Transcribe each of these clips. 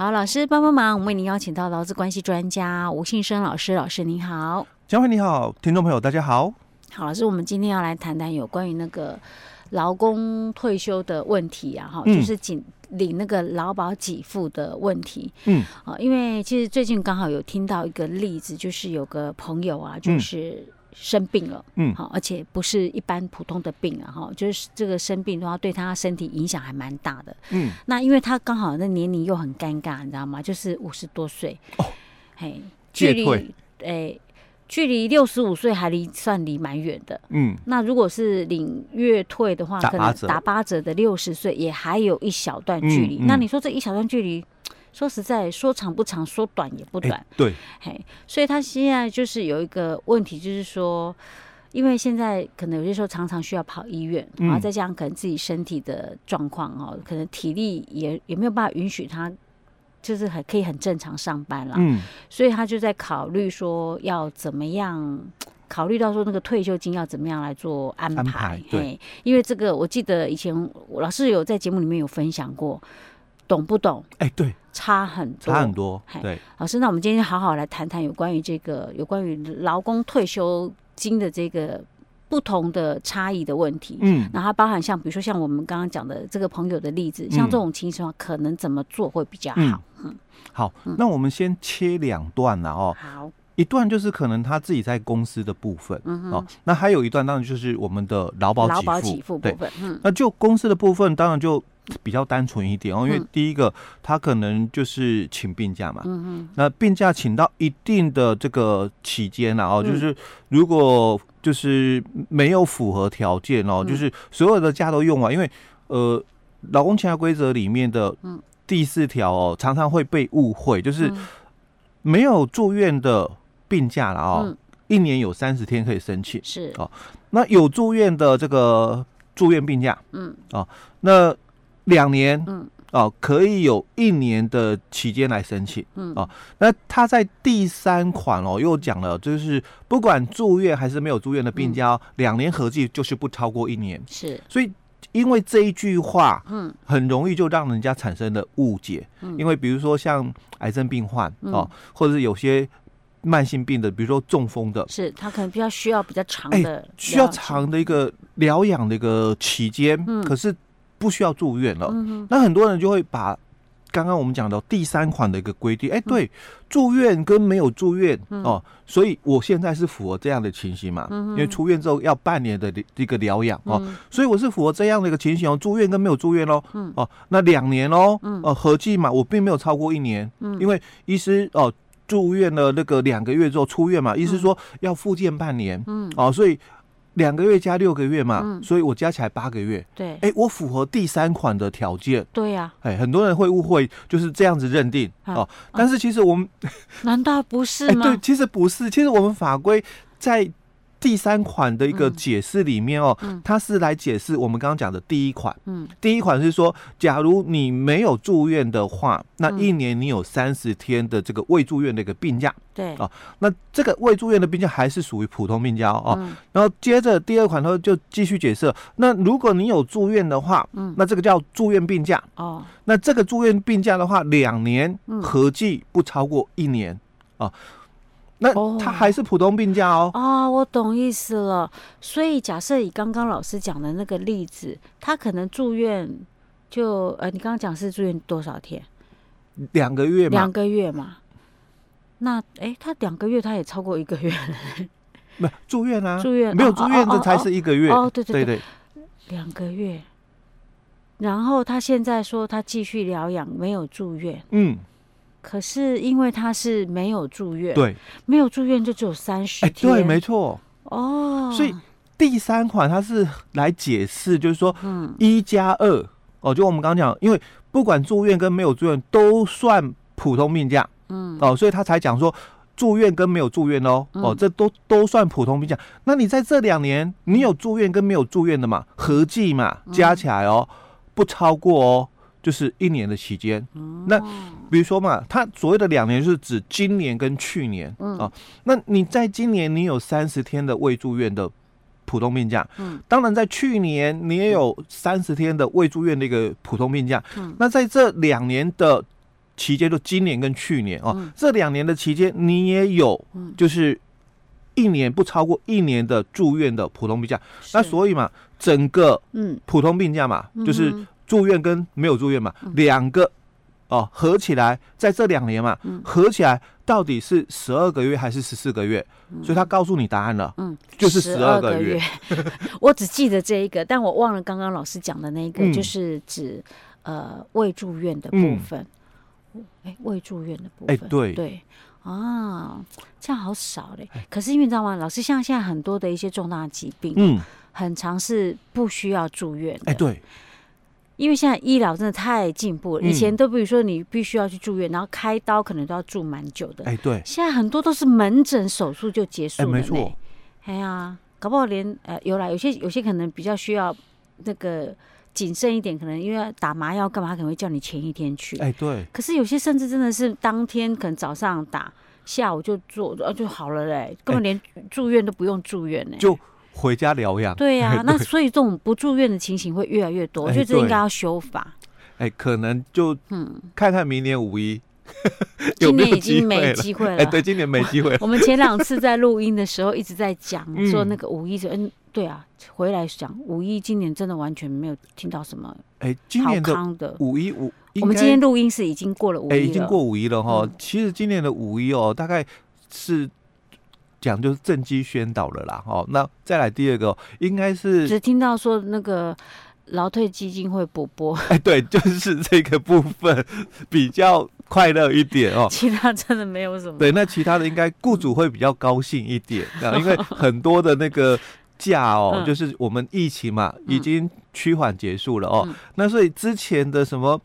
好，老師幫幫忙，我們為您邀請到勞資關係專家吳信生老師，老師您好，江輝你好，聽眾朋友大家好。好，老師，我們今天要來談談有關於那個勞工退休的問題啊，哈、嗯，就是領領那個勞保給付的問題，嗯，啊，因為其實最近剛好有聽到一個例子，就是有個朋友啊，就是、嗯。生病了，嗯，好，而且不是一般普通的病啊，哈，就是這個生病的話，對他身體影響還蠻大的，嗯。那因為他剛好那年齡又很尷尬，你知道嗎？就是五十多歲，哦，嘿，欸，月退。欸，距離，誒，距離六十五歲還離算離蠻遠的，嗯。那如果是領月退的話，可能打八折的六十歲也還有一小段距離。嗯，嗯。那你說這一小段距離。說實在，說長不長，說短也不短。欸、對，嘿，所以他現在就是有一個問題，就是說，因為現在可能有些時候常常需要跑醫院，嗯、然後再加上可能自己身體的狀況哦，可能體力也也沒有辦法允許他，就是很可以很正常上班了。嗯，所以他就在考慮說要怎麼樣，考慮到說那個退休金要怎麼樣來做安排。安排，對，因為這個我記得以前我老師有在節目裡面有分享過。懂不懂？哎、欸，對，差很多，差很多。嘿對，老師，那我們今天好好來談談有關於這個有關於勞工退休金的這個不同的差異的問題。嗯，然後它包含像比如說像我們剛剛講的這個朋友的例子，像這種情況、嗯、可能怎麼做會比較好？嗯，嗯好，那我們先切兩段了哦。好。一段就是可能他自己在公司的部分，嗯、哼哦，那還有一段當然就是我們的勞保給付，給付部分，對嗯、那就公司的部分當然就比較單純一點哦，因為第一個、嗯、他可能就是請病假嘛，嗯、哼那病假請到一定的這個期間了、啊、哦，嗯、就是如果就是沒有符合條件哦，嗯、就是所有的假都用完，因為呃，勞工請假規則裡面的第四條哦，嗯、常常會被誤會，就是沒有住院的。病假了哦、喔，嗯，一年有三十天可以申請。是哦、喔，那有住院的這個住院病假，嗯，哦、喔，那兩年，嗯，哦、喔，可以有一年的期間來申請，嗯，哦、喔，那他在第三款哦、喔，又講了，就是不管住院還是沒有住院的病假，兩、嗯、年合計就是不超過一年。是，所以因為這一句話，嗯，很容易就讓人家產生了誤解，嗯，因為比如說像癌症病患哦、嗯喔，或者是有些。慢性病的，比如說中風的，是他可能比較需要比較長的，需要長的一個療養的一個期間。可是不需要住院了。那很多人就會把剛剛我們講的第三款的一個規定，哎，對，住院跟沒有住院哦，所以我現在是符合這樣的情形嘛？因為出院之後要半年的一個療養哦，所以我是符合這樣的一個情形哦，住院跟沒有住院哦，嗯哦，那兩年哦，哦，合計嘛，我並沒有超過一年，因為醫師哦。住院了那個兩個月之後出院嘛，意思說要復健半年，嗯，哦，所以兩個月加六個月嘛，嗯、所以我加起來八個月。對，哎、欸，我符合第三款的條件。對呀、啊，哎、欸，很多人會誤會就是這樣子認定、啊、哦，但是其實我們、啊、 難道不是嗎、欸？對，其實不是，其實我們法規在。第三款的一個解釋裡面哦，嗯嗯、它是來解釋我們剛剛講的第一款。嗯，第一款是說，假如你沒有住院的話，嗯、那一年你有三十天的這個未住院的一個病假。對啊，那這個未住院的病假還是屬於普通病假哦。嗯啊、然後接着第二款，它就繼續解釋，那如果你有住院的話，嗯，那這個叫住院病假。哦，那這個住院病假的話，兩年合計不超過一年、嗯、啊。那他還是普通病假哦。啊、哦哦，我懂意思了。所以假設以剛剛老師講的那個例子，他可能住院就呃，你剛剛講是住院多少天？兩個月嘛。兩個月嘛。那哎、欸，他兩個月他也超過一個月了。沒住院啊？住院沒有住院，這才是一個月。哦，哦，哦，哦，哦，對對對，兩個月。然後他現在說他繼續療養，沒有住院。嗯。可是因為他是沒有住院，對，沒有住院就只有三十天，哎，對，沒錯，哦，oh, 所以第三款它是來解釋，就是說，2, 嗯，一加二，哦，就我們剛剛講，因為不管住院跟沒有住院都算普通病假，嗯，哦，所以他才講說住院跟沒有住院哦，嗯、哦，這都都算普通病假，那你在這兩年你有住院跟沒有住院的嘛，合計嘛，加起來哦，嗯、不超過哦。就是一年的期間，嗯、那比如說嘛，他所謂的兩年是指今年跟去年、嗯、啊。那你在今年你有三十天的未住院的普通病假，嗯，當然在去年你也有三十天的未住院的一個普通病假，嗯、那在這兩年的期間，就今年跟去年啊，嗯、這兩年的期間你也有，就是一年不超過一年的住院的普通病假。嗯、那所以嘛，是整個嗯，普通病假嘛，嗯、就是。住院跟沒有住院嘛，兩個哦合起來，在這兩年嘛，合起來到底是十二個月還是十四個月？所以他告訴你答案了，嗯，就是十二個月。我只記得這一個，但我忘了剛剛老師講的那個，就是指呃未住院的部分。哎，未住院的部分，哎，對對啊，這樣好少嘞。可是因為你知道嗎，老師像現在很多的一些重大疾病，嗯，很常是不需要住院的。哎，對。因為現在醫療真的太進步了，以前都比如說你必須要去住院，嗯、然後開刀可能都要住蠻久的。哎、欸，對，現在很多都是門診手術就結束了、欸。哎、欸，哎呀、欸啊，搞不好連呃，有有些有些可能比較需要那個謹慎一點，可能因為打麻藥幹嘛，他可能會叫你前一天去。哎、欸，對。可是有些甚至真的是當天可能早上打，下午就做、啊、就好了嘞，根本連住院都不用住院嘞、欸。欸回家療養。對呀、啊，那所以這種不住院的情形會越來越多，我覺得這應該要修法。哎、欸欸，可能就嗯，看看明年五一，今年已經沒機會了、欸。對，今年沒機會我。我們前兩次在錄音的時候一直在講說那個五一是，嗯、嗯，對啊，回來講五一，今年真的完全沒有聽到什麼康。哎、欸，今年的五一五，我們今天錄音是已經過了五一了，欸、已經過五一了哈。嗯、其實今年的五一哦，大概是。講就是政機宣導了啦，哦，那再來第二個，應該是只聽到說那個勞退基金會補撥，哎，對，就是這個部分比較快樂一點哦，其他真的沒有什麼。對，那其他的應該雇主會比較高興一點，啊， 因為很多的那個假哦， 就是我們疫情嘛，嗯、已經趨緩結束了、嗯、哦，那所以之前的什麼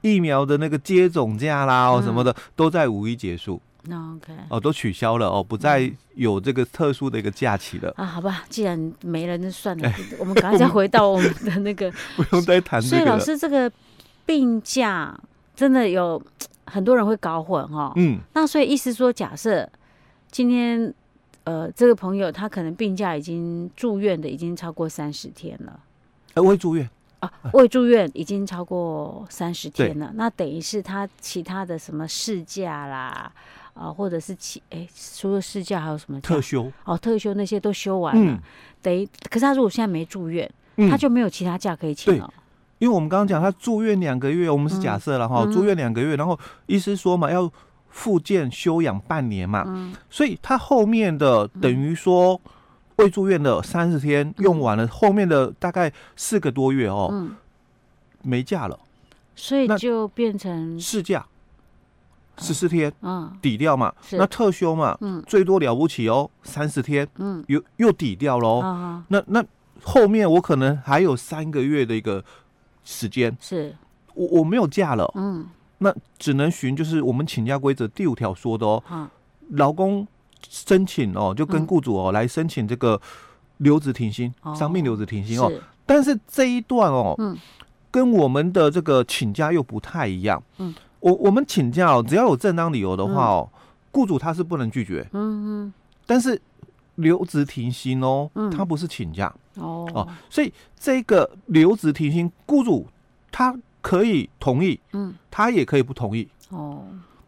疫苗的那個接種假啦，嗯、什麼的都在五一結束。那 OK 哦，都取消了哦，不再有這個特殊的一個假期了，嗯、啊。好吧，既然沒人，那算了。欸、我們趕快再回到我們的那個， 不用再談。所以老師，這個病假真的有很多人會搞混哈，哦。嗯，那所以意思說，假設今天呃這個朋友他可能病假已經住院的，已經超過三十天了。未，啊、住院啊，未住院，啊、已經超過三十天了，對那等於是他其他的什麼事假啦？啊、哦，或者是請，哎，除了事假還有什麼？特休哦，特休那些都休完了，等於、嗯，可是他如果現在沒住院，嗯、他就沒有其他假可以請了。對，因為我們剛剛講他住院兩個月，我們是假設了哈，嗯、住院兩個月，然後醫師說嘛，要復健休養半年嘛，嗯、所以他後面的等於說未住院的三十天、嗯、用完了，後面的大概四個多月哦，嗯、沒假了，所以就變成事假。十四天，嗯，抵掉嘛，那特休嘛，嗯，最多了不起哦，三十天，嗯，又又抵掉嘍，那那後面我可能還有三個月的一個時間，是我我沒有假了，嗯，那只能尋就是我們請假規則第五條說的哦，嗯，勞工申請哦，就跟雇主哦來申請這個留職停薪，傷病留職停薪哦，但是這一段哦，嗯，跟我們的這個請假又不太一樣，嗯。我我們請假、哦，只要有正當理由的話哦，嗯、雇主他是不能拒絕，嗯嗯。嗯，但是留職停薪哦，嗯、他不是請假哦，哦，所以這個留職停薪，雇主他可以同意，嗯，他也可以不同意，哦。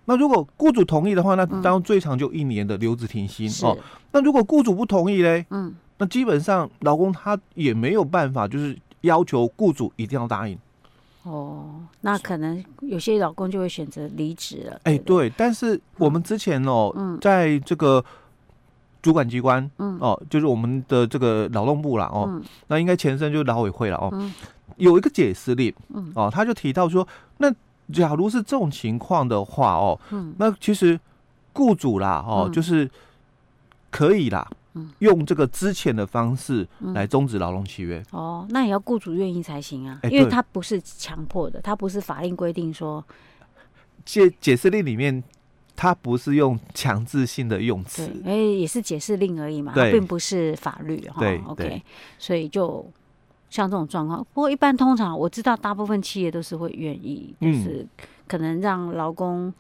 那如果雇主同意的話，那當然最長就一年的留職停薪、嗯、哦。那是如果雇主不同意嘞，嗯，那基本上勞工他也沒有辦法，就是要求雇主一定要答應。哦，那可能有些老公就會選擇離職了。哎，欸、對，但是我們之前哦，嗯、在這個主管機關，嗯，哦，就是我們的這個勞動部了，哦，嗯、那應該前身就是勞委會了，哦，嗯、有一個解釋令，嗯，哦，他就提到說，那假如是這種情況的話，哦，嗯、那其實雇主啦，哦，嗯、就是可以啦。用這個之前的方式來終止勞動契約、嗯、哦,那也要雇主願意才行啊，因為他不是強迫的，欸、對他不是法令規定說，解解釋令裡面他不是用強制性的用詞，哎，也是解釋令而已嘛，對並不是法律哈。對，OK，對所以就像這種狀況，不過一般通常我知道大部分企業都是會願意，嗯、就是可能讓勞工。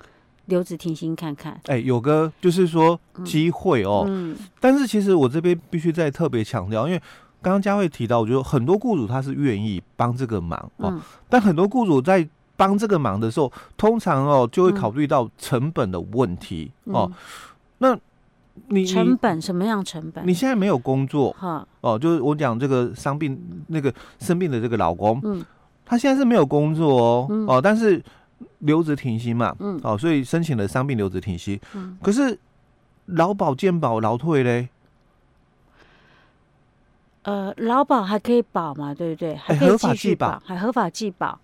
留職停薪看看，哎、欸，有個就是說機會哦，嗯嗯、但是其實我這邊必須再特別強調，因為剛剛佳慧提到，我覺得很多雇主他是願意幫這個忙、嗯、哦，但很多雇主在幫這個忙的時候，通常哦就會考慮到成本的問題、嗯、哦。那你成本什麼樣成本？你現在沒有工作哈？哦，就是我講這個傷病、嗯、那個生病的這個老公，嗯，他現在是沒有工作哦，嗯、哦，但是。留職停薪嘛，嗯，好、哦，所以申請了傷病留職停薪，嗯、可是勞保健保勞退嘞，呃，勞保還可以保嘛，對不對？還繼、欸、合法計保，還合法計保，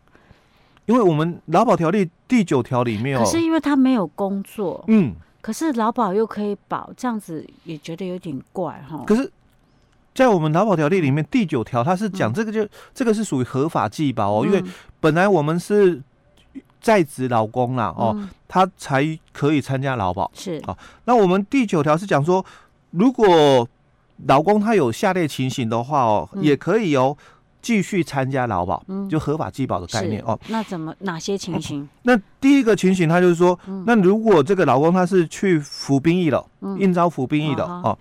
因為我們勞保條例第九條裡面、哦，可是因為他沒有工作，嗯，可是勞保又可以保，這樣子也覺得有點怪哈、哦。可是，在我們勞保條例裡面第九條，他是講這個就、嗯、這個是屬於合法計保、哦，嗯、因為本來我們是。在職勞工啦，哦，他才可以參加勞保。是啊，那我們第九條是講說，如果勞工他有下列情形的話哦，也可以由繼續參加勞保，就合法繼保的概念哦。那怎麼哪些情形？那第一個情形，他就是說，那如果這個勞工他是去服兵役了，應召服兵役的哦。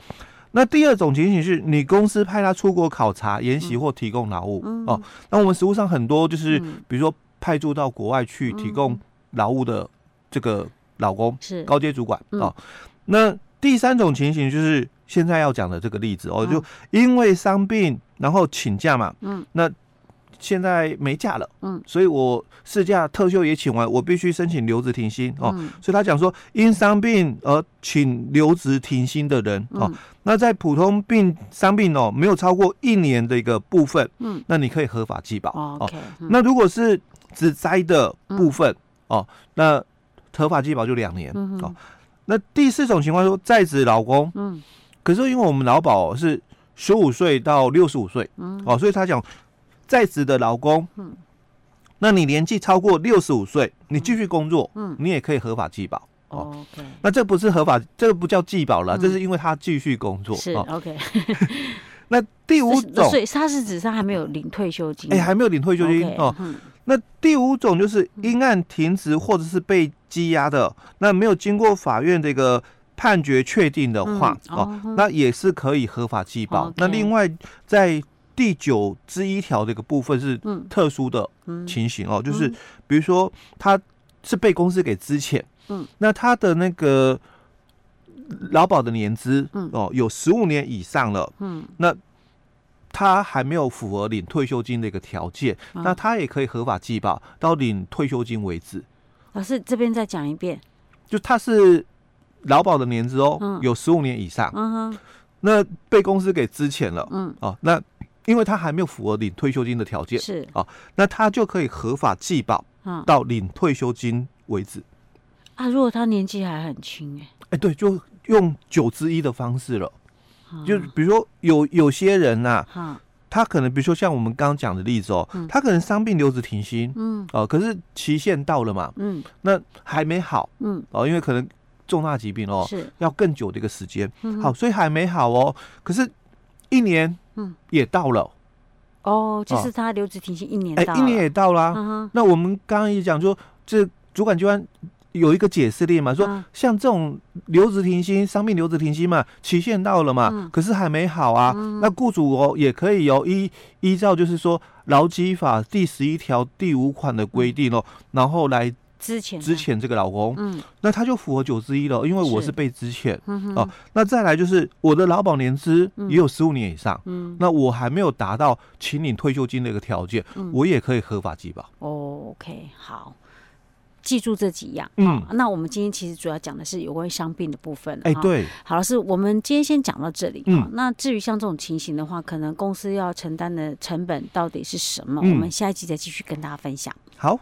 那第二種情形是，你公司派他出國考察、研習或提供勞務哦。那我們實務上很多就是，比如說。派駐到國外去提供勞務的這個老公是高階主管。那第三種情形就是現在要講的這個例子哦，就因為傷病然後請假嘛，嗯，那現在沒假了，嗯，所以我事假、特休也請完，我必須申請留職停薪哦。所以他講說，因傷病而請留職停薪的人哦，那在普通病、傷病哦，沒有超過一年的一個部分，嗯，那你可以合法繼保哦。那如果是在職的部分哦，那合法繼保就兩年哦。那第四種情況說，在職勞工，嗯，可是因為我們勞保是十五歲到六十五歲，嗯，哦，所以他講在職的勞工，那你年紀超過六十五歲，你繼續工作，嗯，你也可以合法繼保哦。那這不是合法，這個不叫繼保了，這是因為他繼續工作，是 OK。那第五種，他是上還沒有領退休金，哎，還沒有領退休金哦，那第五種就是因案停職或者是被羈押的，嗯、那沒有經過法院這個判決確定的話，嗯、哦，哦那也是可以合法繼保。哦、那另外在第九之一條這個部分是、嗯、特殊的情形哦，嗯、就是比如說他是被公司給資遣，嗯，那他的那個勞保的年資，嗯、哦，有十五年以上了，嗯，那。他還沒有符合領退休金的一個條件，那他也可以合法繼保到領退休金為止。老師這邊再講一遍，就他是勞保的年資哦，嗯、有十五年以上。嗯哼，那被公司給資遣了。嗯，哦、啊，那因為他還沒有符合領退休金的條件，是啊，那他就可以合法繼保到領退休金為止。啊，如果他年紀還很輕，哎哎、欸，對，就用九之一的方式了。就比如說有有些人吶，他可能比如說像我們剛剛講的例子哦，他可能傷病留職停薪，嗯，哦，可是期限到了嘛，嗯，那還沒好，嗯，哦，因為可能重大疾病哦，是，要更久的一個時間，嗯，好，所以還沒好哦，可是一年，嗯，也到了，哦，就是他留職停薪一年，哎，一年也到了，那我們剛剛也講，說這主管機關。有一個解釋令嘛，說像這種留職停薪、傷病留職停薪嘛，期限到了嘛，可是還沒好啊，嗯、那雇主哦也可以由依依照就是說勞基法第十一條第五款的規定哦，嗯、然後來資遣資遣這個勞工，嗯，那他就符合九之一了，因為我是被資遣，哦、嗯啊，那再來就是我的勞保年資也有十五年以上，嗯，那我還沒有達到請領退休金的一個條件，嗯、我也可以合法積保。哦、o、okay, K，好。記住這幾樣，嗯，那我們今天其實主要講的是有關於傷病的部分了，哎、欸，對，好，老師，我們今天先講到這裡，嗯好，那至於像這種情形的話，可能公司要承擔的成本到底是什麼，嗯、我們下一集再繼續跟大家分享，好。